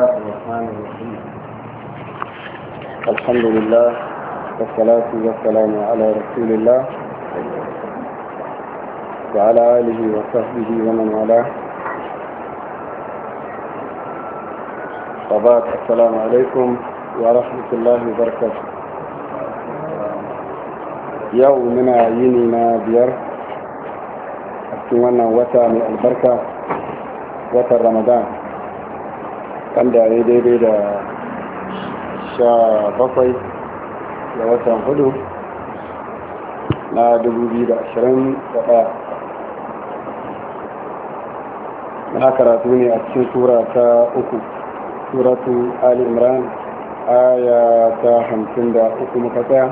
الرحمن الرحيم الحمد لله والصلاة والسلام على رسول الله وعلى آله وصحبه ومن والاه وبعد السلام عليكم ورحمة الله وبركاته يومنا ينينا بير أتمنى وتامي البركة وتر رمضان da ya daidai da sha bakwai da watan hudu na 2021 na karatu ne a cikin tura ta uku suratu ali imran aya ta hamsin da uku muka tsaya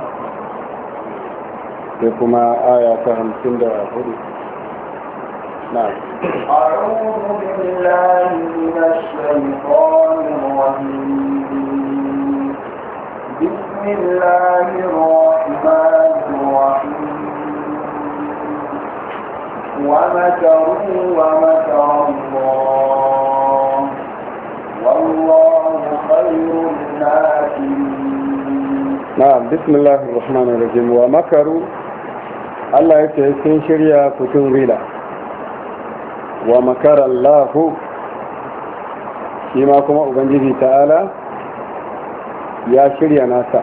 sai kuma aya ta hamsin da hudu نعم أعوذ بالله من الشيطان الرجيم بسم الله الرحمن الرحيم ومكروا ومكر الله والله خير الناكرين نعم بسم الله الرحمن الرحيم ومكروا Allah ya ce sun shirya kutun rila wa makarar lahu shi ma kuma ubangiji ta'ala ya shirya nasa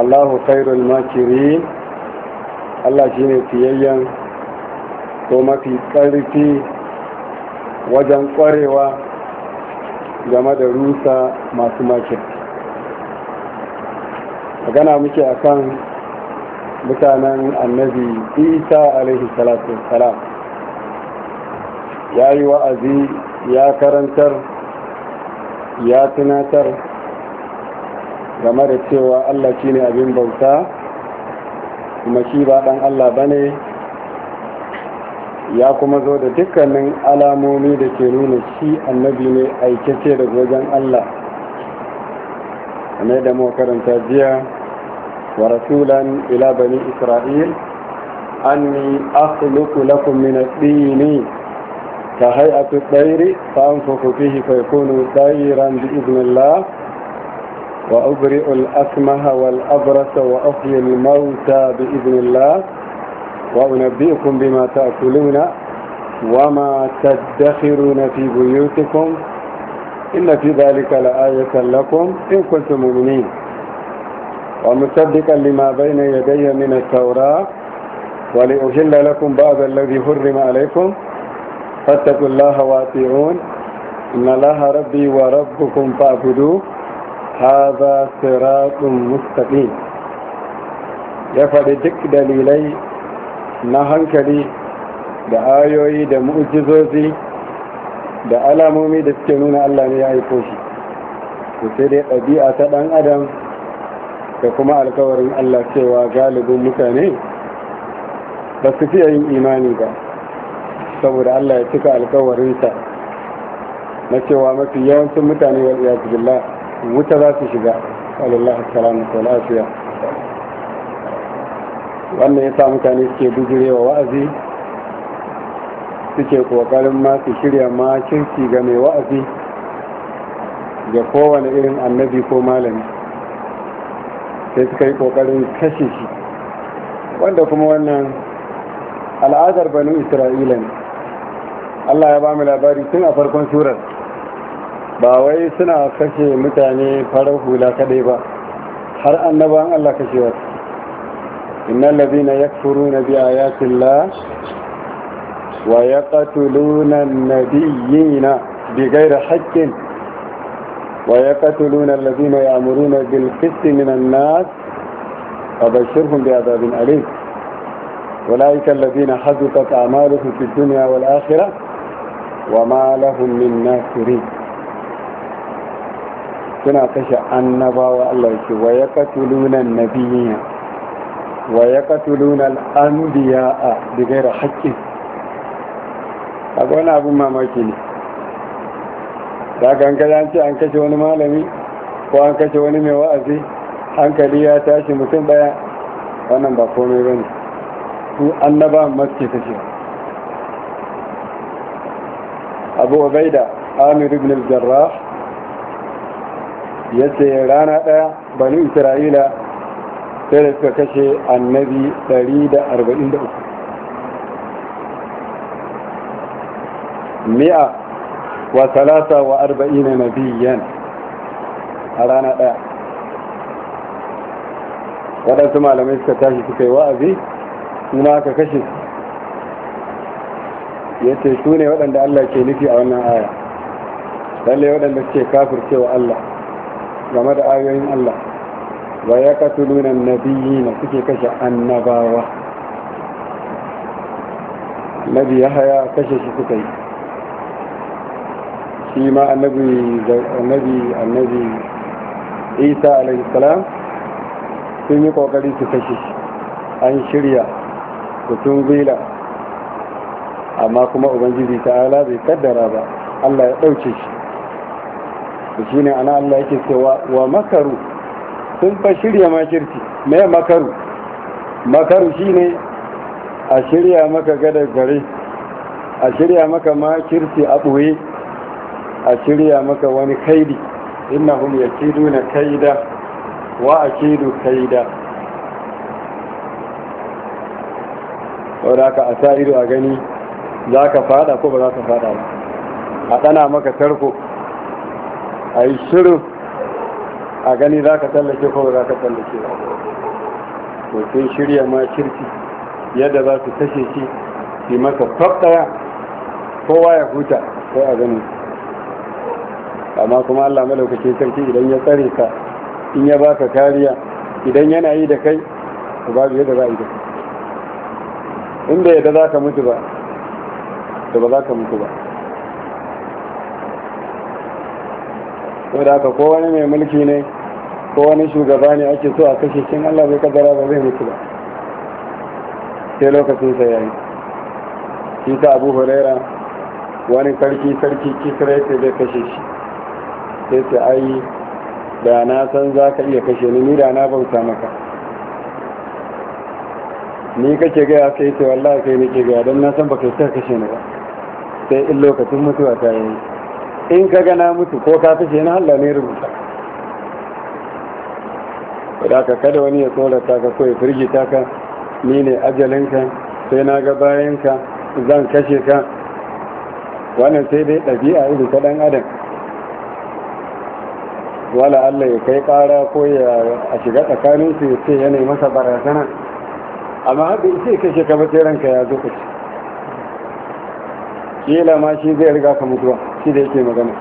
allahu khairul makirin allah shi ne fiyayyen ko mafi ƙarfi wajen ƙwarewa game da rusa masu makirci magana muke akan mutanen annabi isa alaihi salatu ya yi wa'azi ya karantar ya tunatar game da cewa allah shi ne abin bauta kuma shi ba dan allah ba ne ya kuma zo da dukkanin alamomi da ke nuna shi annabi ne aikace daga wajen allah kamar da mu karanta jiya ورسولا إلى بني إسرائيل أني أخلق لكم من الدين كهيئة الطير فأنفخ فيه فيكون طيرا بإذن الله وأبرئ الأكمه والأبرس وأحيي الموتى بإذن الله وأنبئكم بما تأكلون وما تدخرون في بيوتكم إن في ذلك لآية لكم إن كنتم مؤمنين ومصدقا لما بين يدي من التوراة ولأحل لكم بعض الذي حرم عليكم فاتقوا الله واطيعون إن الله ربي وربكم فاعبدوه هذا صراط مستقيم ya faɗi duk dalilai na hankali da ayoyi da mu'jizozi da alamomi da suke nuna Allah ne ya aiko shi to sai dai ɗabi'a ta ɗan adam da kuma alkawarin Allah cewa galibin mutane ba su fiye yin imani ba saboda Allah ya cika alkawarinsa na cewa mafi yawancin mutane wal iyadu billah wuta za su shiga alallah assalamu ta lafiya wannan ya sa mutane suke bijirewa wa'azi suke kokarin ma su shirya ma kirki ga mai wa'azi ga kowane irin annabi ko malami sai suka yi kokarin kashe shi wanda kuma wannan al'adar banu isra'ila ne allah ya ba mu labari tun a farkon surar ba wai suna kashe mutane farar hula kadai ba har annaban allah kashewa innan labina ya furu na biya ya wa ya ƙatulu na na? bi da haƙƙin ويقتلون الذين يأمرون بالقسط من الناس فبشرهم بعذاب أليم أولئك الذين حدثت أعمالهم في الدنيا والآخرة وما لهم من ناصرين كنا أن باو والله ويقتلون النبيين ويقتلون الأنبياء بغير حق أقول أبو ما ماكيني da ka an ce an kashe wani malami ko an kashe wani mai wa'azi hankali ya tashi mutum daya wannan ba komai ba ne su annaba maske kashe abu da amir ibn al ya ce rana daya bani isra'ila sai da suka kashe annabi 143 mi'a wa talata wa arba'ina nabiyan a rana ɗaya waɗansu malamai suka tashi suka yi wa'azi suna aka kashe su ya ce su ne waɗanda Allah ke nufi a wannan aya lalle waɗanda suke kafir cewa Allah game da ayoyin Allah wa ya katuluna nabiyina suke kashe annabawa nabi ya haya kashe shi suka yi shi ma annabi annabi annabi isa alaihissalam sun yi kokari su kashe shi an shirya da sun gwila amma kuma ubangiji ala bai kaddara ba allah ya ɗauke shi da shi ne ana allah yake cewa wa makaru sun fa shirya makirci mai makaru makaru shi ne a shirya maka gada gare a shirya maka makirci a ɓoye a shirya maka wani kaidi innahum yakiduna kaida wa akidu kaida saboda ka a sa ido a gani za ka fada ko ba za ka fada ba a ɗana maka tarko a yi shirin a gani za ka tsallake ko ba za ka tsallake ba to sun shirya ma kirki yadda za su kashe shi su maka fab ɗaya kowa ya huta ko a gani amma kuma Allah madaukakin sarki idan ya tsare ka in ya baka kariya idan yana yi da kai to babu yadda za a yi da kai in yadda za ka mutu ba to ba za ka mutu ba saboda haka ko wani mai mulki ne ko wani shugaba ne ake so a kashe cin Allah bai kaddara ba zai mutu ba sai lokacin sa yayi shi ta Abu Huraira wani sarki sarki kisra yake zai kashe shi sai ce ai da na san za ka iya kashe ni da na bauta maka ni kake gaya sai ce wallahi kai nake gaya don na san baka ta kashe ni ba sai in lokacin mutuwa ta yi in ka gana mutu ko ka kashe ni Allah ne rubuta da ka kada wani ya tsorata ka ko ya firgita ka ni ne ajalinka sai na ga bayanka zan kashe ka wannan sai dai ɗabi'a irin ta ɗan adam wala Allah ya kai kara ko ya a shiga tsakanin su ya ce yana masa barazana amma haka ce ka ce ka ranka ya zo kaci kila ma shi zai riga ka mutuwa shi da yake magana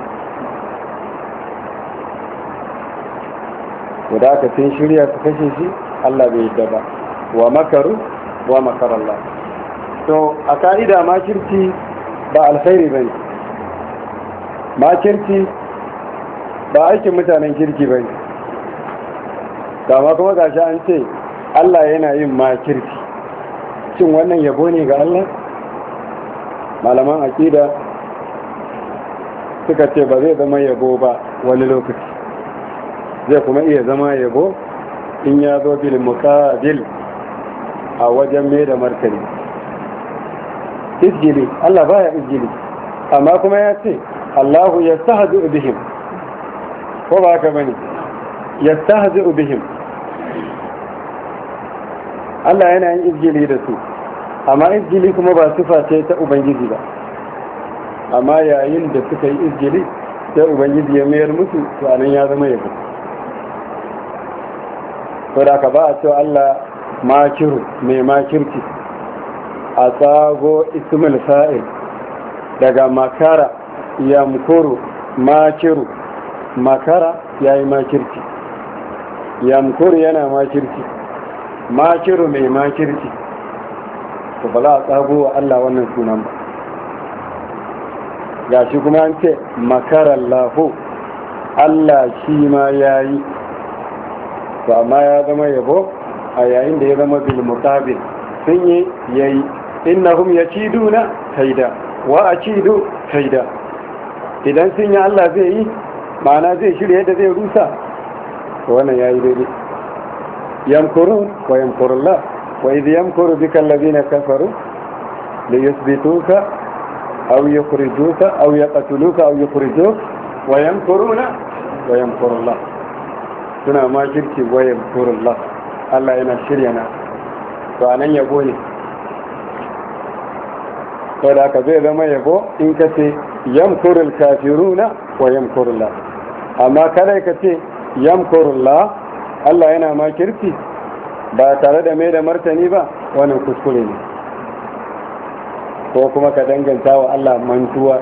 guda ka sun shirya su kashe shi Allah bai yadda ba wa makaru wa makarallah to a ka'ida makirci ba alkhairi bane makirci ba aikin mutanen kirki ba ne dama kuma gashi an ce allah yana yin ma kirki cin wannan yabo ne ga allah malaman akida suka ce ba zai zama yabo ba wani lokaci zai kuma iya zama yabo in ya zo bil muqabil a wajen mai da martani izgili allah baya izgili amma kuma ya ce allahu ya sahadu bihim ko ba ka bane yastahzi'u ubihim Allah yana yin izgili da su amma izgili kuma ba su ce ta ubangiji ba amma yayin da suka yi izgili sai ubangiji ya mayar musu to anan ya zama yabo Ko da ka ba a cewa Allah makiru mai makirci a tsago ismul fa'il daga makara ya mukuru makiru makara ya yi makirci yamkur yana makirci makiru mai makirci to ba za a tsago wa Allah wannan sunan ba ga shi kuma an ce makara lafo Allah shi ma ya yi ba amma ya zama yabo a yayin da ya zama bilmukabil sun yi ya yi innahum ya ci duna kaida wa a ci du kaida idan sun yi Allah zai yi ma'ana zai shirya yadda zai rusa wannan ya yi daidai yankuru wa la, wa bi yamkuru bika na kafaru li yuthbituka aw yukhrijuka aw yaqtuluka aw yukhrijuk wa na wa la. suna ma shirki wa la. Allah yana shirya na to anan yabo ne saboda ka zai zama yabo in ka ce yamkurul kafiruna wa la. amma kada ka ce yamkurullah Allah yana makirci ba tare da mai da martani ba wannan kuskure ne ko kuma ka danganta wa Allah mantuwa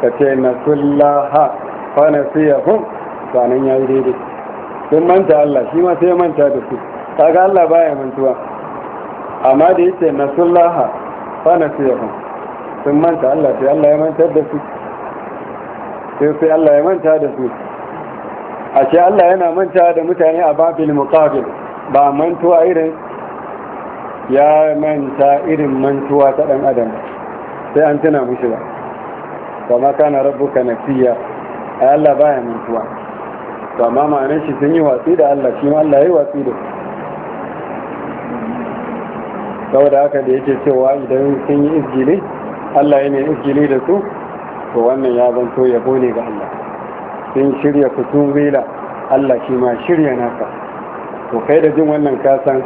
ka ce nasullaha fa nasiyahum sanan yayi daidai sun manta Allah shi ma sai manta da su kaga Allah baya mantuwa amma da yace nasullaha fa nasiyahum sun manta Allah sai Allah ya manta da su sai sai Allah ya manta da su a ce Allah yana manta da mutane a babin muqabil ba mantuwa irin ya manta irin mantuwa ta ɗan adam sai an tuna mushi ba ma kana na siya? A Allah baya mantuwa Ba ma ma'anar shi sun yi watsi da Allah shi Allah yi watsi da da haka da yake cewa idan sun yi izgili Allah ya ne izgili da su to wannan ya zanto yabo ne ga Allah sun shirya fitun rila Allah shi ma shirya nasa to kai da jin wannan kasan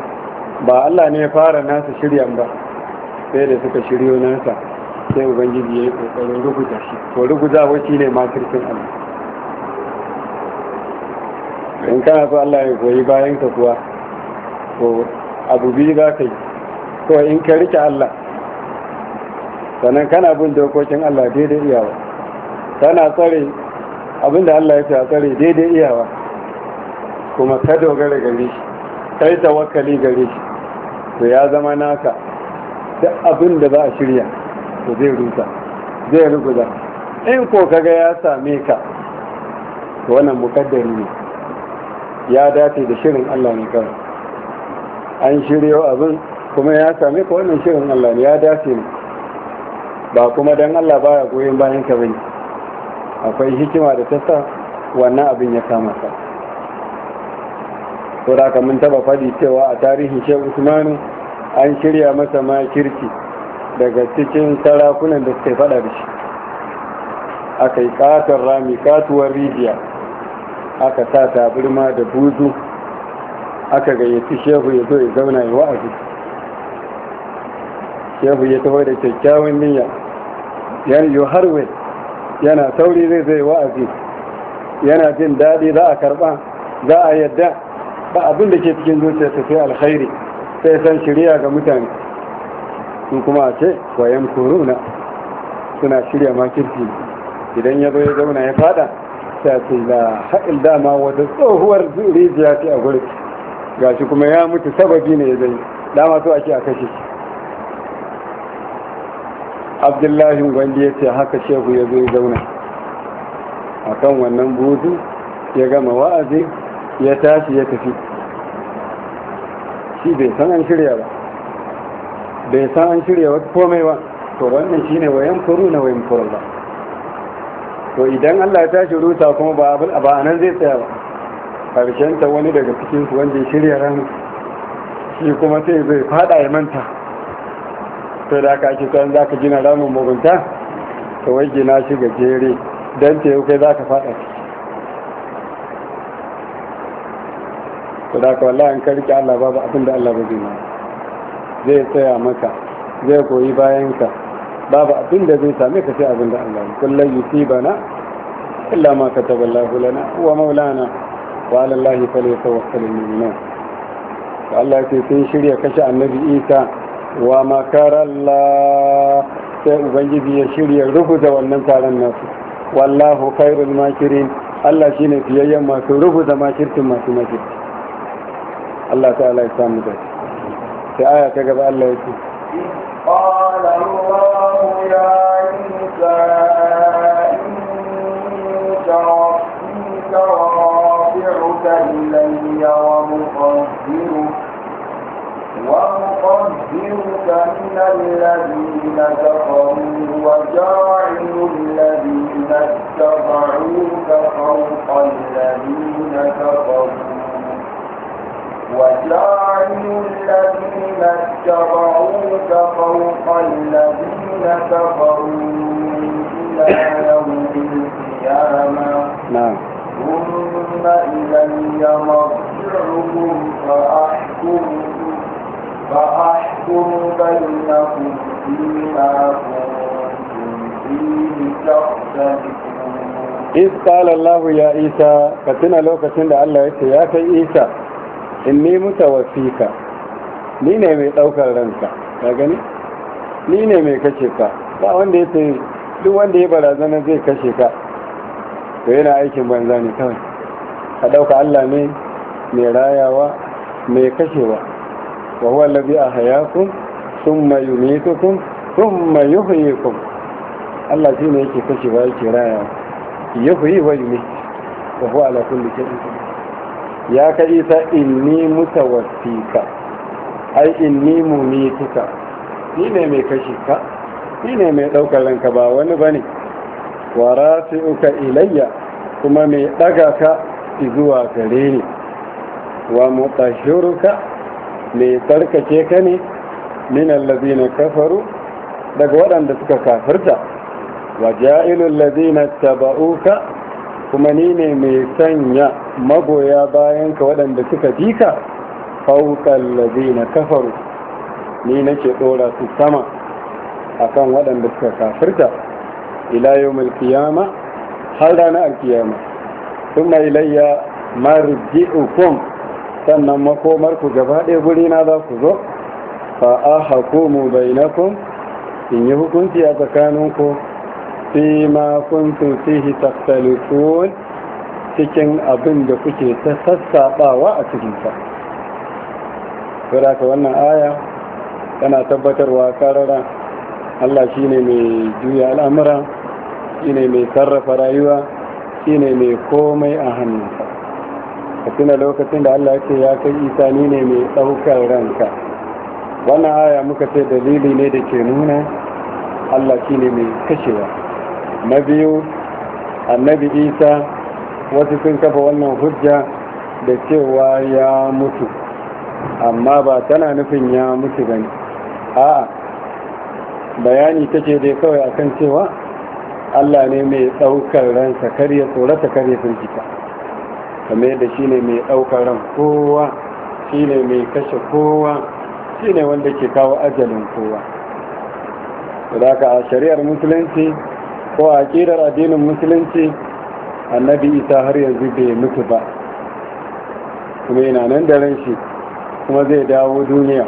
ba Allah ne ya fara nasa shiryan ba sai da suka shiryo nasa sai ubangiji ya yi kokarin rubuta shi to wa shi ne makirkin Allah in kana so Allah ya koyi bayan ka kuwa to abu biyu za ka yi to in ka rike Allah sannan kana bin dokokin Allah daidai iyawa kana tsare abinda Allah ya ce a tsare daidai iyawa kuma ka dogara gare shi yi tawakali gare shi to ya zama naka da abin da za a shirya to zai rusa zai ruguza in ko kaga ya same ka to wannan mukaddari ne ya dace da shirin Allah ne kawai an shiryo abin kuma ya same ka wannan shirin Allah ne ya dace ne ba kuma dan Allah baya goyon bayan ka bane akwai hikima da ta sa wannan abin ya kama sa ko da mun taba faɗi cewa a tarihin shehu usmanu an shirya masa kirki daga cikin sarakunan da suka faɗa da shi aka yi katon rami katuwar rijiya aka sa taburma da buzu aka gayyaci shehu ya zo ya zauna ya wa'azi shehu ya taho da kyakkyawan niyya yan yi harwai yana sauri zai zai wa'azi yana jin daɗi za a karɓa za a yadda ba abin da ke cikin zuciya ta sai alkhairi sai san shirya ga mutane sun kuma a ce wayan kuruna, suna shirya makirci idan ya zo ya zauna ya fada ta ce da haɗin dama wata tsohuwar zuri ce a gurin gashi kuma ya mutu sababi ne ya zai dama so ake a kashe shi abdullahi wanda ya ce haka shehu ya zo zauna a kan wannan buzu ya gama wa'azi ya tashi ya tafi shi bai san an shirya ba bai san an shirya wata komai ba to wannan shi ne wayan furu na wayan furu ba to idan allah ya tashi rusa kuma ba a nan zai tsaya ba ta wani daga cikinsu wanda ya shirya ranar shi kuma sai zai fada ya manta sai da aka ake tsayin za ka gina ramin mugunta ka waje na shi ga jere don ta kai za ka faɗa su da ka wallahi an karki allah babu abin da allah ba zina zai tsaya maka zai koyi bayanka babu abin da zai same ka sai abin da allah kullum bana, illa ma kataballahu lana wa maulana وعلى الله فليتوكل Allah ya ce sun shirya kashe annabi isa wa makarallah sai ubangiji ya shirya rubuta wannan taron nasu wallahu khairul makirin Allah shine fiyayyen masu rubuta makircin masu makirci Allah ta'ala ya samu da sai aya ta gaba Allah ya ce قال الله يا عيسى إني توفيك ورافعك إلي ومطهرك ومطهرك يستكبرك من الذين كفروا وجاعل الذين اتبعوك فوق الذين كفروا وجاعل الذين اتبعوك فوق الذين كفروا إلى يوم القيامة نعم ثم إلي مرجعكم فأحكم فأحكم يحكم بينهم فيما كنتم فيه تختلفون إذ قال الله يا عيسى فتنا لو فتنا الله يتي يا عيسى إني متوفيك ni ne mai ɗaukar ranka ka gani ni ne mai kashe ka ba wanda ya ce duk wanda ya barazana zai kashe ka to yana aikin banza ne kawai a ɗauka allah ne mai rayawa mai kashewa wa huwa allazi ahyakum thumma yumitukum thumma yuhyikum Allah shi ne yake kashe ba yake raya yuhyi wa yumit wa huwa ala kulli shay'in qadir ya ka isa inni mutawaffika ai inni mumituka ni ne mai kashe ka ni ne mai daukar ranka ba wani bane wa rafi'uka ilayya kuma mai ɗaga ka zuwa gare ni wa mutashiruka mai tsarkake ka ne min na kafaru daga waɗanda suka kafirta wa ja'ilul ladina taba'uka kuma ni ne mai sanya magoya bayan ka waɗanda suka bi ka fawqa na kafaru ni nake ɗora su sama akan waɗanda suka kafirta ilayo yawmil har ranar alkiyama thumma ilayya marji'ukum sannan makomar ku gaba ɗaya guri na za ku zo fa a hakumu bainakum in yi hukunci a tsakaninku fi ma kuntum fi taftalifun cikin abin da kuke ta sassaɓawa a cikinsa saboda wannan aya tana tabbatarwa karara Allah shine mai juya al'amura shine mai sarrafa rayuwa shine mai komai a hannunsa a tuna lokacin da Allah ce ya kai isa ni ne mai ɗaukar ranka wannan aya muka ce dalili ne da ke nuna Allah shi ne mai kashewa na biyu annabi isa wasu sun kafa wannan hujja da cewa ya mutu amma ba tana nufin ya mutu ba ne A'a, bayani ta ce dai kawai akan cewa Allah ne mai ɗaukar ransa kar ya tsorata kar firgita kamar da shi ne mai ɗaukar ran kowa shi ne mai kashe kowa shi ne wanda ke kawo ajalin kowa Da ka a shari'ar musulunci ko a ƙirar addinin musulunci annabi isa har yanzu bai mutu ba kuma yana nan da ran shi kuma zai dawo duniya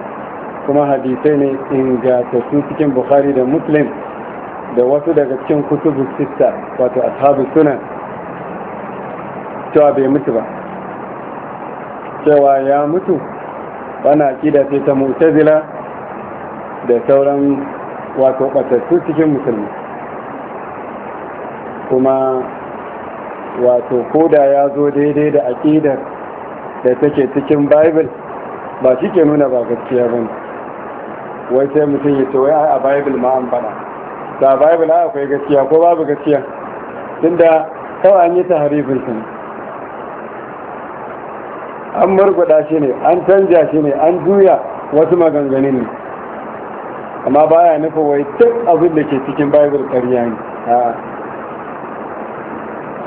kuma hadisai ne ingantattu cikin bukhari da muslim da wasu daga cikin kutubu sista wato ashabu sunan cewa bai mutu ba cewa ya mutu wani aƙida ce ta mutazila da sauran wato ɓatattu cikin musulmi kuma wato koda ya zo daidai da aƙidar da take cikin bible ba shi ke nuna ba gaskiya ba ne wai sai mutum ya ce wai a bible ma an faɗa da bible akwai gaskiya ko babu gaskiya tunda kawai an yi ta harifin sun an margwada shi ne an canja shi ne an juya wasu maganganu ne amma baya nufa wai duk abin da ke cikin bible karya ne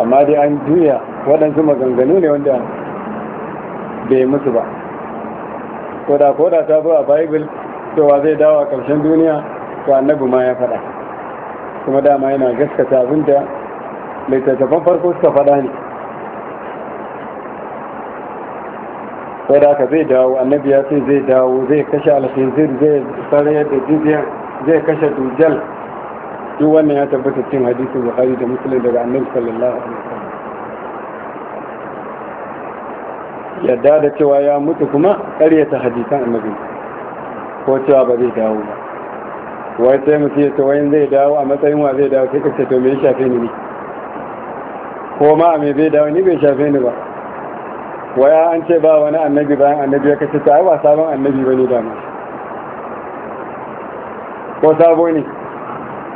amma dai an juya waɗansu maganganu ne wanda bai musu ba koda koda ta zo a bible cewa zai dawo a ƙarshen duniya to annabi ma ya faɗa kuma dama yana gaskata abin abinda littattafan farko suka faɗa ne sai da aka zai dawo annabi ya ce zai dawo zai kashe alhizir zai tsara da jizya zai kashe dujal duk wannan ya tabbata cin hadisin buhari da musulun daga annabi sallallahu alaihi wasallam yadda da cewa ya mutu kuma karyata hadisan annabi ko cewa ba zai dawo ba wai sai mutum ya ce wayan zai dawo a matsayin wa zai dawo sai ka ce to me ya shafe ni ne ko ma a me zai dawo ni bai shafe ni ba waya an ce ba wani annabi bayan annabi ya kashe ta ba sabon annabi ba ne dama ko sabo ne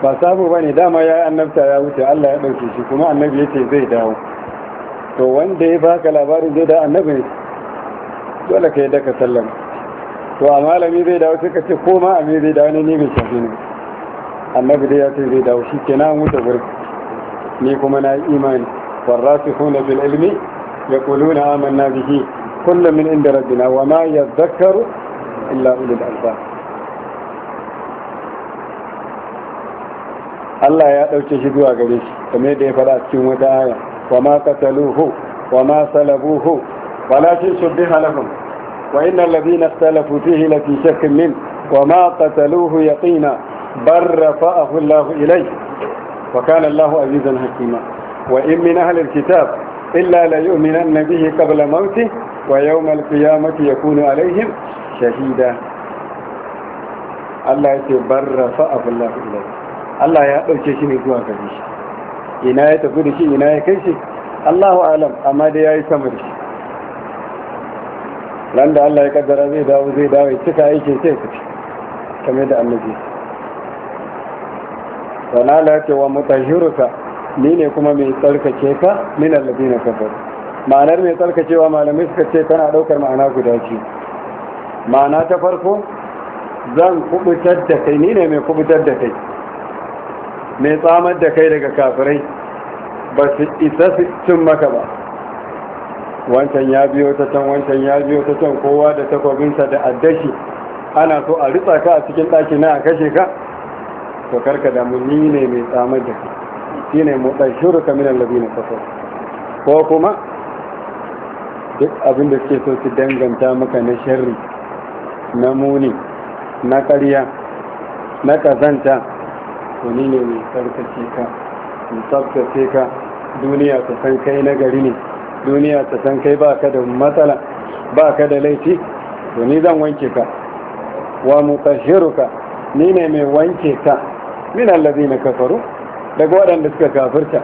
ba sabo ba ne dama ya yi annabta ya wuce allah ya ɗauke shi kuma annabi ya ce zai dawo to wanda ya baka labarin zai da annabi dole ka yadda ka sallama to a malami zai dawo sai ka ko ma a me zai dawo ne ne mai shafi ne annabi dai ya ce zai dawo shi kenan wuce gurin ni kuma na imani warrasu hona fil ilmi يقولون آمنا به كل من عند ربنا وما يذكر إلا أولي الألباب Allah ya ɗauke shi zuwa gare shi kamar yadda ya faɗa cikin wata aya wa ma qataluhu wa ma salabuhu walakin shubbiha lahum wa innal ladhina ikhtalafu fihi lafi shakkin min wa ma qataluhu yaqina bal rafa'ahu Allah ilayhi wa kana Allah azizan hakima wa in min ahli alkitab إلا ليؤمنن به قبل موته ويوم القيامة يكون عليهم شهيدا Allah ya ce barra fa'afu Allah ilai Allah ya ɗauke shi ne zuwa gare ina ya tafi da shi ina ya kai shi Allahu alam amma dai ya yi sama da shi ran Allah ya zai dawo zai dawo cika aiki sai ni ne kuma mai tsarkake ka min na kafar ma'anar mai tsarkakewa malamai suka ce tana daukar ma'ana guda ce ma'ana ta farko zan kubutar da kai ni ne mai kubutar da kai mai tsamar da kai daga kafirai ba su isa su cin maka ba wancan ya biyo ta can wancan ya biyo ta can kowa da takwabinsa da addashi ana so a ritsa ka a cikin ɗaki na a kashe ka to karka damu ni ne mai tsamar da kai shine mudashiruka min alladhina kafar ko kuma duk abin da ke so su danganta maka na sharri na muni na karya, na kazanta to ni ne mai tsarkace ka in ce ka duniya ta san kai na gari ne duniya ta san kai ba ka da matsala ba ka da laifi to ni zan wanke ka wa ka ni ne mai wanke ka min allazi na kafaru daga waɗanda suka kafirta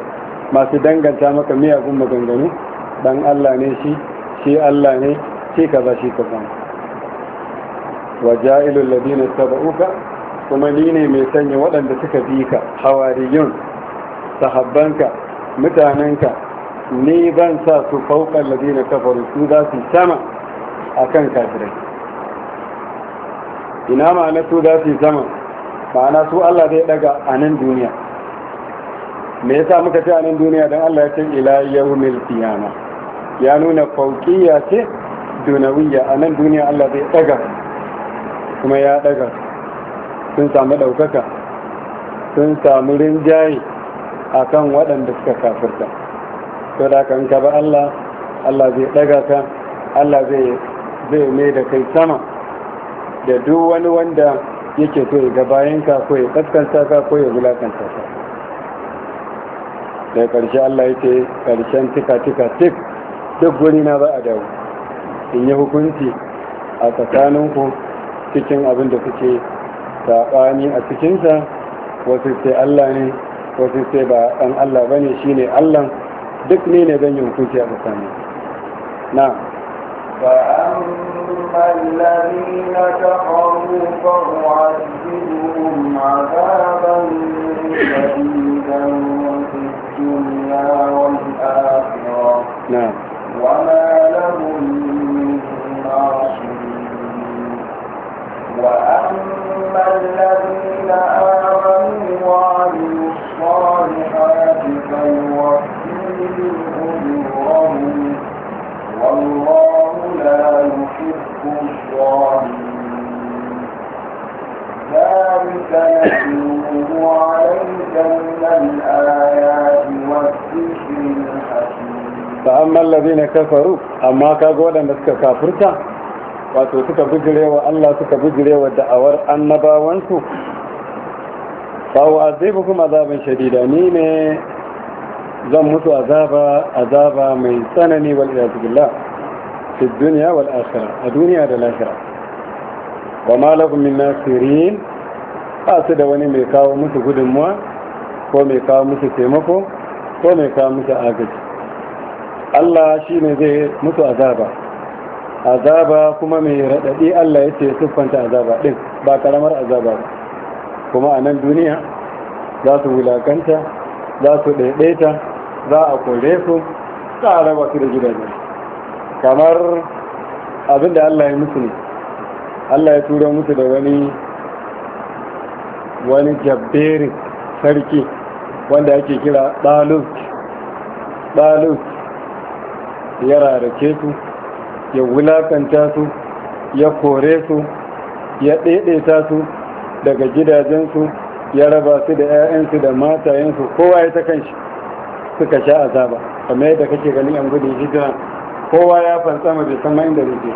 masu danganta maka miyagun maganganu dan Allah ne shi shi Allah ne shi kaza shi kaza wa ja'ilul ladina sabauka kuma ni ne mai sanya waɗanda suka bi ka hawariyun sahabbanka mutanenka ni ban sa su fauƙar ladina kafaru su za su sama akan kafirai ina ma'ana su za su sama ma'ana su Allah zai daga a nan duniya me yasa muka ce a nan duniya don Allah ya ce ila yawmil qiyama ya nuna fauqiyya ce dunawiyya a nan duniya Allah zai daga kuma ya daga sun samu daukaka sun samu rinjaye akan waɗanda suka kafirta to da kan ka ba Allah Allah zai daga ka Allah zai zai mai da kai sama da duk wani wanda yake so ya ga bayan ka ko ya tsakanta ka ko ya wulakanta ka da karshe Allah ya ce karshen tika-tika tik duk guri na za a dawo in yi hukunci a tsakaninku cikin abin da suke saɓani a cikinsa wasu sai Allah ne wasu sai ba ɗan Allah ba ne shi ne Allah duk ne ne zan yi hukunci a tsakaninku na فأما الذين كفروا فأعذبهم عذابا شديدا في الدنيا والآخرة نعم وما لهم من ناصرين وأما الذين amman ne kafaru amma kaga waɗanda suka kafurta wato suka bijirewa Allah suka bijirewa da'awar annabawansu fa kuma azabin shadida ni ne zan mutu azaba azaba mai tsanani wal iyad billah fi dunya wal a duniya da lahira wa ma lakum min nasirin ba su da wani mai kawo musu gudunmuwa ko mai kawo musu taimako ko mai kawo musu agaji Allah shi ne zai mutu azaba azaba kuma mai raɗaɗi Allah ya ce siffanta azaba ɗin ba karamar azaba kuma a nan duniya za su wulakanta za su ɗaiɗaita za a kore su za raba su da gidaje kamar abin da Allah ya mutu ne Allah ya tura mutu da wani wani jabberin sarki wanda ake kira ɗalus ɗalus ya rarake su ya wulakanta su ya kore su ya ɗaiɗaita su daga gidajensu ya raba su da 'ya'yansu da matayensu kowa ya ta kanshi suka sha azaba kamar yadda kake ganin yan gudun hijira kowa ya fansa bai san inda zai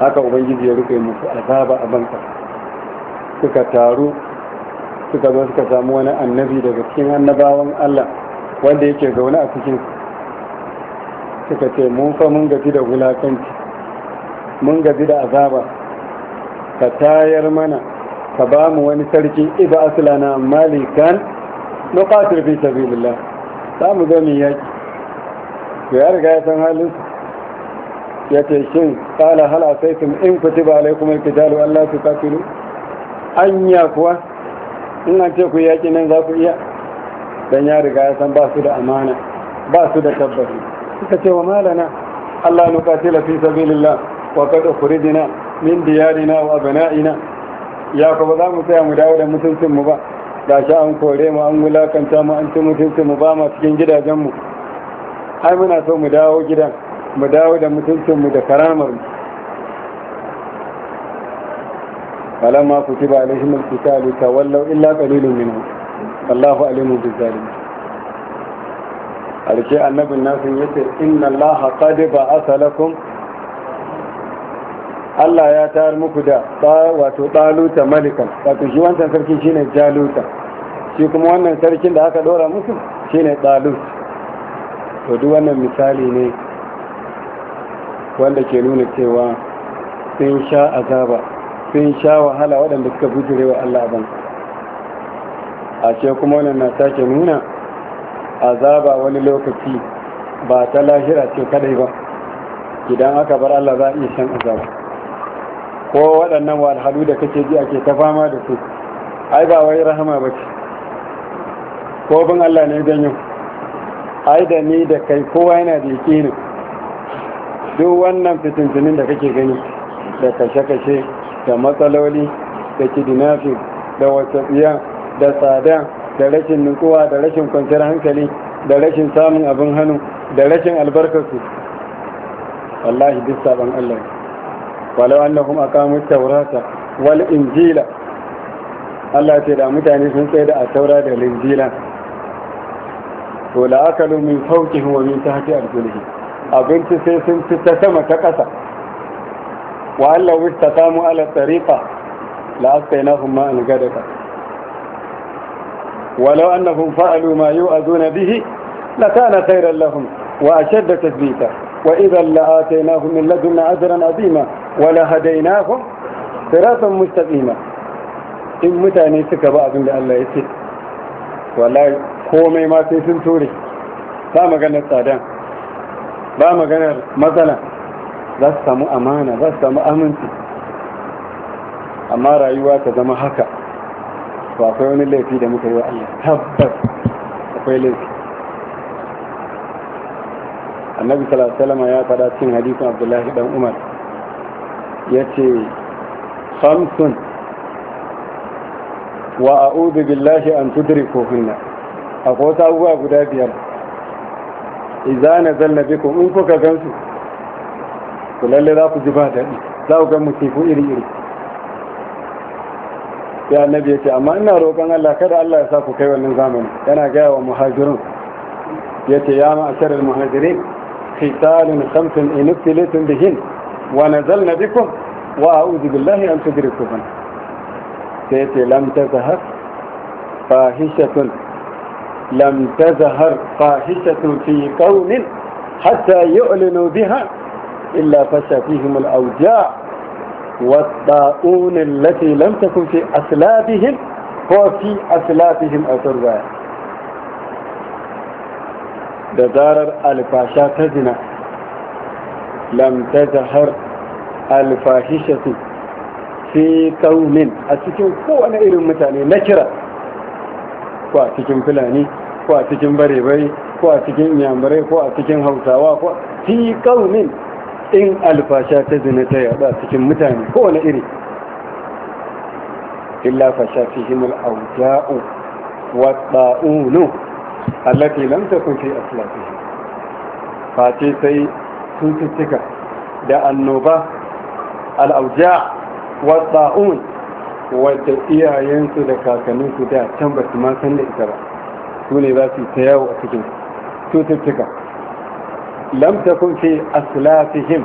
haka ubangiji ya rufe musu azaba a banka suka taru suka zo suka samu wani annabi daga cikin annabawan Allah wanda yake zaune a cikin suka ce mun fa mun gaji da wulakanci mun gaji da azaba ka tayar mana ka ba mu wani sarki iba aslana malikan nuqatil fi sabilillah za mu zo mu yaki to ya riga ya san halin ya ce shin qala hal asaytum in kutiba alaykum al-qital wa alla tuqatilu anya kuwa in an ce ku yaki nan za ku iya dan ya riga ya san ba su da amana ba su da tabbaci suka ce wa malana Allah nuka nuqatila fi sabilillah wa qad ukhrijna min diyarina wa abna'ina ya ko ba za mu tsaya mu dawo da mutuncin mu ba shi an kore mu an wulakanta mu an ci mutuncin mu ba ma cikin gidajen mu ai muna so mu dawo gidan mu dawo da mutuncin mu da karamar mu falamma kutiba alaihim alqitalu tawallaw illa qalilun minhum Allahu alimu bi zalimi alke annabin nasu yace inna Allah qad ba'atha lakum Allah ya tayar muku da wato ɗaluta malikan wato shi wancan sarki shine jaluta shi kuma wannan sarkin da aka ɗora musu shine ɗalut to duk wannan misali ne wanda ke nuna cewa sun sha azaba sun sha wahala waɗanda suka bujirewa Allah abin a ce kuma wannan na sake nuna azaba wani lokaci ba ta lahira ce kadai ba idan aka bar Allah za a iya shan azaba ko waɗannan walhalu da kake ji ake ta fama da su ai ba wai rahama ba ce ko bin Allah ne ganyo ai da ni da kai kowa yana da ne duk wannan fitintunin da kake gani da kashe-kashe da matsaloli da kidinafi da wasu tsiyan da tsada da rashin nukuwa da rashin kwanciyar hankali da rashin samun abin hannu da rashin albarkarsu wallahi duk saban Allah walau annahum aqamu at-taurata wal injila Allah ce da mutane sun tsaye da at-taura da injila to la akalu min fawqihi wa min tahti arjulihi abinci sai sun ci ta sama ta kasa wa Allah wistaqamu ala tariqa la astainahum ma an gadaka ولو أنهم فعلوا ما يؤذون به لكان خيرا لهم وأشد تثبيتا وإذا لآتيناهم من لدنا أجرا عظيما ولهديناهم صراطا مستقيما in mutane suka ba abin da Allah ya ce wallahi komai ma sai sun ture ba maganar tsadan ba maganar matsala za su samu amana za su samu aminci amma rayuwa ta zama haka to akwai wani laifi da muka yi wa Allah tabbas akwai laifi annabi sallallahu alaihi wasallam ya fada cikin hadisin Abdullahi dan Umar yace khamsun wa a'udhu billahi an hunna akwai wata abubuwa guda biyar idza nazalna bikum in kuka gansu to lalle za ku ji ba daɗi za ku ga musifu iri iri ya nabi ya ce amma ina roƙon Allah kada Allah ya sa ku kai wannan zamani yana gaya wa muhajirin ya ce ya ma'ashar al-muhajirin qitalun khamsun in ibtilitum bihin wa nazalna bikum wa a'udhu billahi an tudrikukum sai ya ce lam tazahar fahishatun lam tazahar fahishatun fi qaumin hatta yu'linu biha illa fasha fihim al والطاؤون التي لم تكن في أسلافهم هو في أسلافهم أترغى دزارر الفاشا تزنى لم تزهر الفاحشة في قوم أتكن هو أنا إلو متاني نكرة وأتكن فلاني وأتكن بريبي وأتكن يامري وأتكن هوساوا في قوم in alfasha ta zina ta yada cikin mutane ko wani iri illa fasha fi himul auja'u wa ta'unu allati lam takun fi aslafihim ce sai cututtuka da annoba al'auja wasa'un wadda iyayensu da kakanninsu da can ba su san da ita ba su ne za su ta yawo a cikin cututtuka lam takun fi aslafihim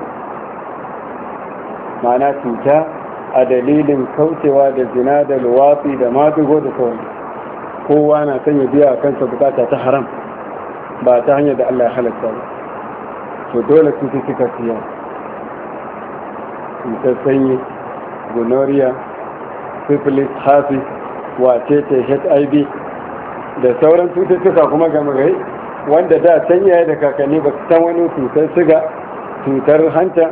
ma'ana cuta a dalilin kaucewa da zina da luwafi da mafigo da sauran kowa na son ya biya kansa bukata ta haram ba ta hanyar da Allah ya halatta ba to dole cututtuka su yawa cutar sanyi gonorrhea syphilis hafi wace ce hiv da sauran cututtuka kuma gama gari wanda da can yaya da kakanni ba su san wani cutar siga cutar hanta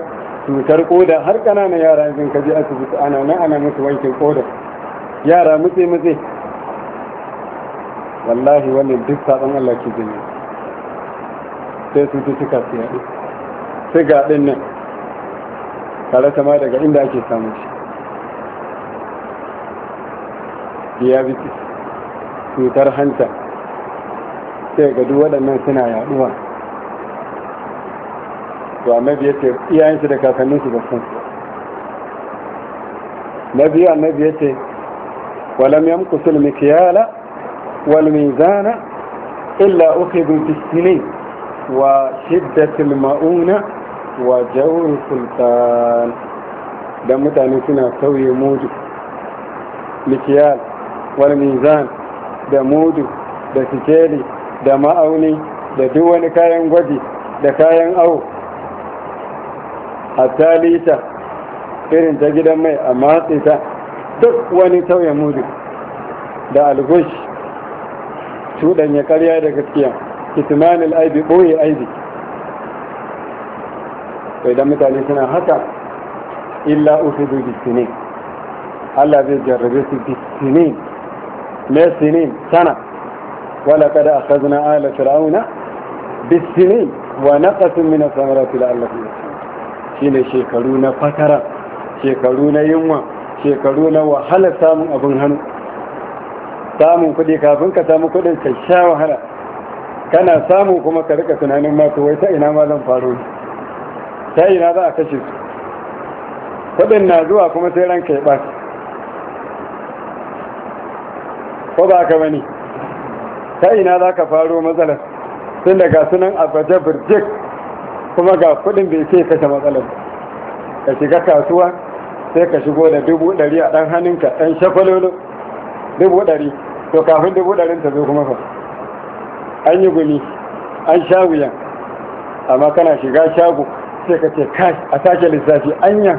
cutar koda har ƙananan yara yanzu ka je asibiti ana nan ana musu wankin koda yara mutse mutse wallahi wannan duk sabon Allah ke jini sai su ci suka su yaɗu siga ɗin nan tare ma daga inda ake samun shi diabetes cutar hanta sai ga duk waɗannan suna yaduwa to annabi ya ce iyayensu da kakanninsu ba sun na biyu annabi ya ce walam yamkusul mikyala wal mizana illa uke bis-sinin wa shiddatil ma'una wa jawr sultan da mutane suna sauye mudu mikyal wal mizan da mudu da sikeli da ma'auni da duk wani kayan gwaji da kayan awo a talita irin ta gidan mai a matsita duk wani tauye mudu da algush ya karya da gaskiya kitmanin aibi ɓoye aibi sai da mutane suna haka illa usudu bisinin allah zai jarrabe su bisinin mai sinin sana ولقد أخذنا آل فرعون بالسنين ونقص من الثمرات لعلهم shine shekaru na fatara shekaru na yunwa shekaru na wahalar samun abin hannu samun kuɗi kafin ka samu kuɗin ka sha wahala kana samu kuma ka rika tunanin masu wai ta ina ma zan ta ina za a kashe su kuɗin na zuwa kuma sai ranka ya ɓaci ko ba ka bane ta ina za ka faro matsalar sun da ga sunan abaja birjik kuma ga kudin bai ce kashe matsalar ka shiga kasuwa sai ka shigo da dubu ɗari a ɗan hannunka ɗan shafalolo dubu ɗari to kafin dubu ɗarin ta zo kuma fa an yi gumi an sha wuyan amma kana shiga shago sai ka ce kai a sake lissafi anya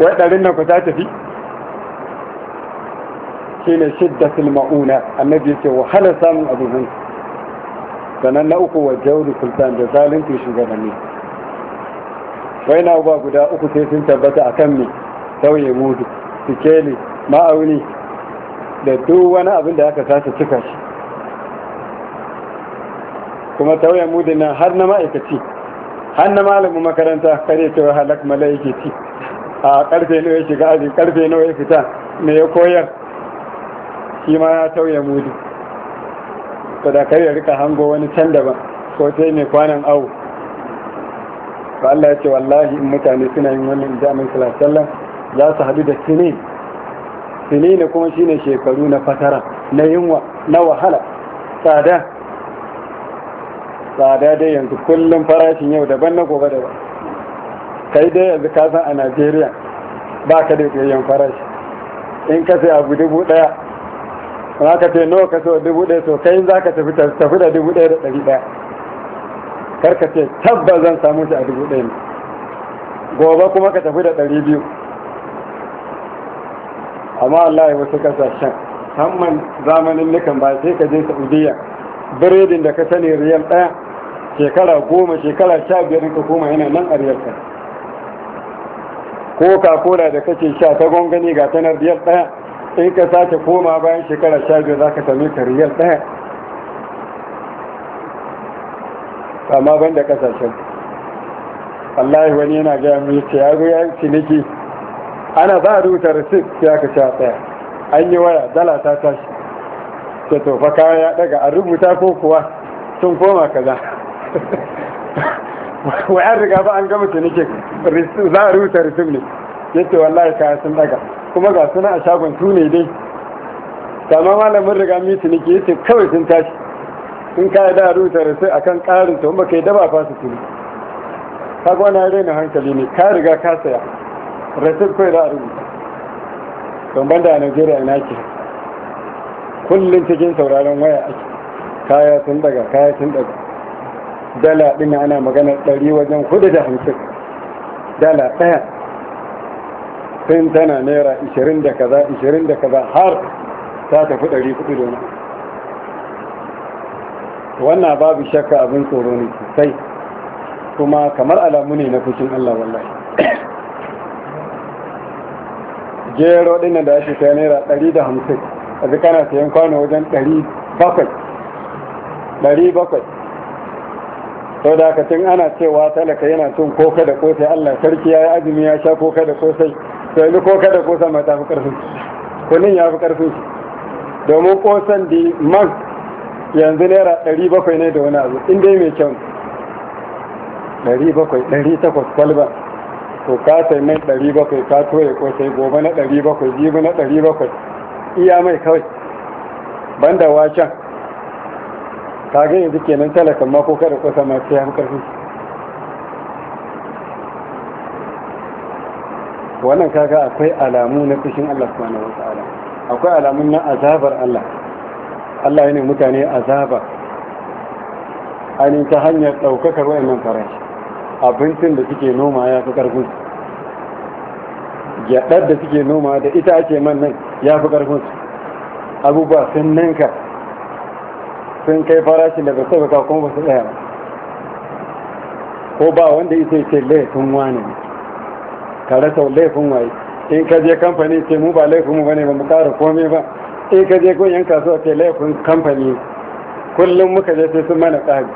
wai ɗarin nan ku ta tafi Shi shine shiddatul mauna annabi yake wahala samun abu abin sanan na uku wa jawri sultan da zalunci shugabanni waina ba guda uku sai sun tabbata akan mi sauye mudu sikeli ma'auni da duk wani abin da aka sace cika shi kuma tauye mudu na har na ma'aikaci har na malamin makaranta kare cewa halak malaikaci a karfe nawa ya shiga aji karfe nawa ya fita me ya koyar shi ma ya tauye mudu to da kai ya rika hango wani can daban ko sai mai kwanan awu ba Allah ya ce wallahi in mutane suna yin wannan in jami'in salasallan za su haɗu da sini sini ne kuma ne shekaru na fatara na yunwa na wahala tsada tsada dai yanzu kullum farashin yau daban na gobe daban kai dai yanzu ka san a Najeriya ba ka da tsayayyen farashi in ka sai abu dubu ɗaya za ka ce nawa ka so dubu ɗaya so kai za ka tafi tafi da dubu ɗaya da ɗari ɗaya kar ka ce tabbas zan samu shi a dubu ɗaya ne gobe kuma ka tafi da ɗari biyu amma Allah ya wasu ƙasashen hamman zamanin nukan ba sai ka je saudiya biredin da ka sani riyal ɗaya shekara goma shekara sha biyar ka koma yana nan a riyal ɗaya ko ka kola da kake sha ta gongani ga tanar riyal ɗaya in ka sake koma bayan shekara sha biyu za ka sami ta ɗaya amma ban da ƙasashen Allah wani yana gaya mai ce ya zo ya ciniki ana ba rubuta receipt sai aka sha tsaya an yi waya dala ta tashi ta tofa kaya ya daga a rubuta ko kuwa sun koma kaza wai an riga ba an gama ciniki za a rubuta receipt ne ya ce wallahi kaya sun daga kuma ga suna a shagon su ne dai sama malamin riga mitin ne ke yace kawai sun tashi sun kaya da rubuta da a akan karin ta ba kai daba fa su tuni kaga wani na hankali ne ka riga ka saya rasu kai da rubuta don banda a najeriya ina ke kullum cikin sauraron waya ake kaya sun daga kaya sun daga dala ɗin ana maganar ɗari wajen kudu da hamsin dala ɗaya tun tana naira 20 da kaza 20 da kaza har ta tafi 400 da wannan babu shakka abin tsoro ne sai kuma kamar alamu ne na fushin Allah wallahi gero ɗin da ake sai naira 150 a zikana sayan kwano wajen 700 700 sau da aka cin ana cewa talaka yana cin koka da kosai Allah sarki ya yi azumi ya sha koka da kosai yanzu ko kada ko ma ta fi karfin kullum ya fi karfin domin kosan da man yanzu naira ɗari bakwai ne da wani abu inda mai kyau Ɗari bakwai ɗari takwas kwalba to ka sai mai bakwai ka toye sai gobe na ɗari bakwai jibi na ɗari bakwai iya mai kawai banda wacan ka ga yanzu kenan talakan ma ko kada ko ma sai ya fi su wannan kaga akwai alamu na fushin Allah subhanahu wataala akwai alamun na azabar Allah Allah yana mutane azaba ainihin ta hanyar ɗaukakar wayannan farashi abincin da suke noma ya fi ƙarfin gyaɗar da suke noma da ita ake man nan ya fi su abubuwa sun ninka sun kai farashin da ba su kuma ba su tsaya ko ba wanda ita ce laifin wani ne ka rasa laifin waye in ka je kamfani ce mu ba laifin mu bane ba mu kara komai ba in ka je gun yan kasuwa ce laifin kamfani kullum muka je sai sun mana ƙari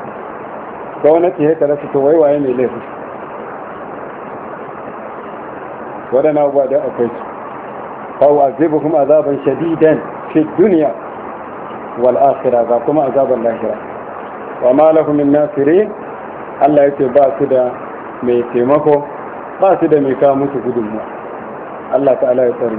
gwamnati ya tare su to wai waye ne laifin waɗannan abubuwa da akwai su kawo azibu kuma azaban shadidan fi duniya wal akhirah ga kuma azaban lahira wa ma lahum min nasirin Allah ya ce ba su da mai taimako ba su da mai mutu musu gudunmu Allah ta'ala ya tsari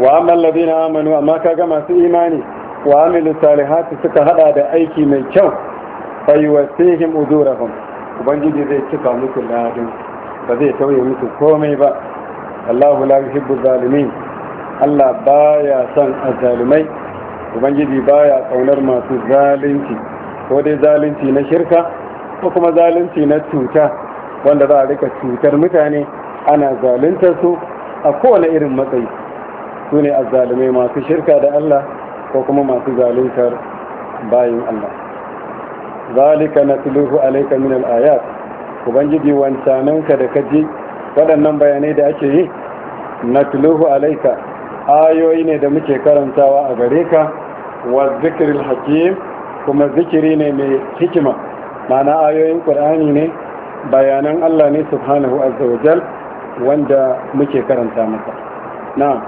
wa amma ladina amanu amma ka ga masu imani wa amilu salihati suka hada da aiki mai kyau fayuwasihim ujurahum ubangiji zai cika muku ladin ba zai tauye mutu komai ba Allahu la yuhibbu zalimin Allah baya son azzalumai ubangiji baya kaunar masu zalunci ko dai zalunci na shirka ko kuma zalunci na cuta wanda za a rika cutar mutane ana zalunta su a kowane irin matsayi su ne azzalumai masu shirka da Allah ko kuma masu zaluntar bayan Allah zalika natluhu alayka min minal ayat ubangiji wancananka da kaji waɗannan bayanai da ake yi natluhu alaika ayoyi ne da muke karantawa a gare ka wa zikirin hakim kuma zikiri ne mai hikima ma'ana ayoyin ƙur'ani ne bayanan Allah ne subhanahu azza wa jal wanda muke karanta masa na'am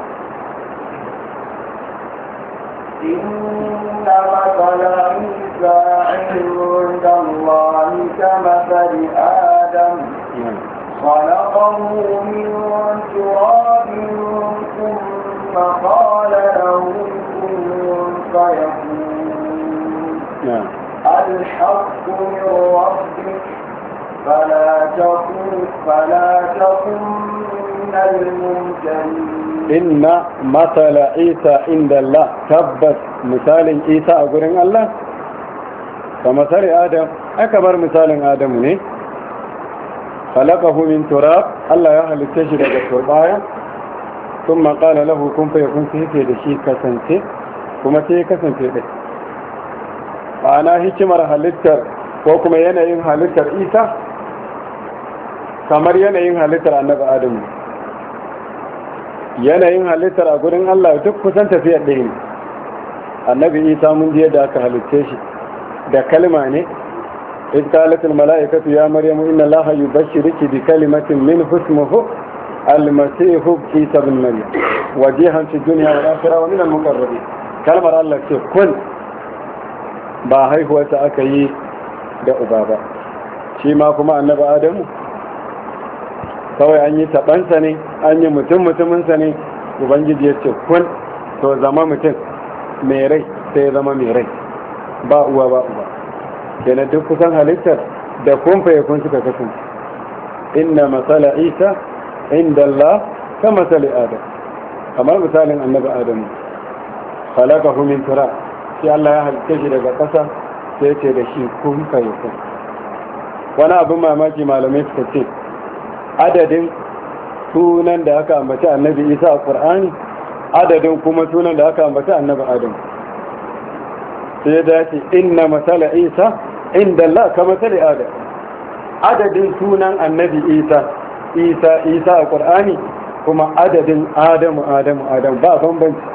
إن مثل عيسى عند الله كمثل آدم خلقه من تراب ثم قال له كن فيكون الحق من ربك فلا تكن فلا تكن من الممتنين إن مثل عيسى عند الله تبت مثال عيسى أقول الله فمثل آدم أكبر مثال آدم ني خلقه من تراب الله يهل التجربة الترباية ثم قال له كن فيكون في سيكي دشي كسنتي كما سيكي كسنتي دي ma'ana hikimar halittar ko kuma yanayin halittar isa kamar yanayin halittar annaba adam yanayin halittar a gurin Allah duk kusan tafiyar ɗaya ne annabi isa mun je da aka halitte shi da kalima ne iskalatul mala'ikatu ya maryamu inna allaha yubashshiruki bi kalimatin min husmuhu almasih isa bin mari waje fi duniya wal akhirah wa min mun muqarrabin kalmar Allah ce kun ba haihuwa ta aka yi da uba ba shi ma kuma annabi adamu kawai an yi taɓansa ne an yi mutum mutuminsa ne ubangiji ya ce kun to zama mutum mai rai sai ya zama mai rai ba uwa ba uba yana duk kusan halittar da kun faye kun suka kasance inna matsala isa inda Allah ka matsali adam kamar misalin annabi adamu halakahu min tura sai Allah ya halitta shi daga ƙasa sai ce da shi kun faye kun wani abin mamaki malamai suka ce adadin sunan da aka ambaci annabi isa a ƙur'ani adadin kuma sunan da aka ambaci annabi adam sai ya dace inna matsala isa inda Allah ka matsala adam adadin sunan annabi isa isa isa a ƙur'ani kuma adadin adamu adamu adamu ba bambanci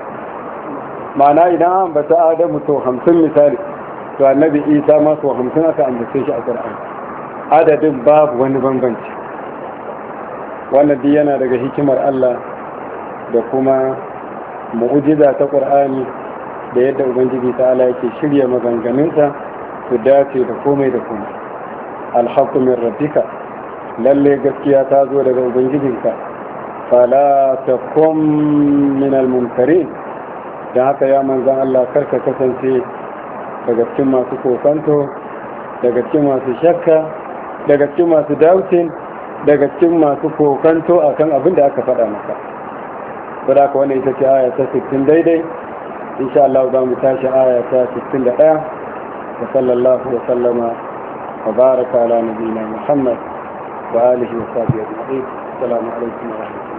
ma'ana idan an ambata adamu to hamsin misali to annabi isa ma to hamsin aka ambace shi a ƙur'ani adadin babu wani bambanci wannan yana daga hikimar Allah da kuma mu'ujiza ta ƙur'ani da yadda ubangiji ta ala yake shirya maganganunsa su dace da komai da komai alhaku min rabbika lalle gaskiya ta zo daga ubangijinka fala takum min almunkarin dan haka ya manzan Allah karka kasance daga cikin masu kokanto daga cikin masu shakka daga cikin masu doubting daga cikin masu kokanto a kan abin da aka faɗa maka, saboda ka wani ita ce aya ta 60 daidai insha Allah za mu tashi aya ta 61 wa sallallahu wa sallama wa baraka ala nabiyina Muhammad wa alihi wa sahbihi ajma'in assalamu alaikum wa rahmatullahi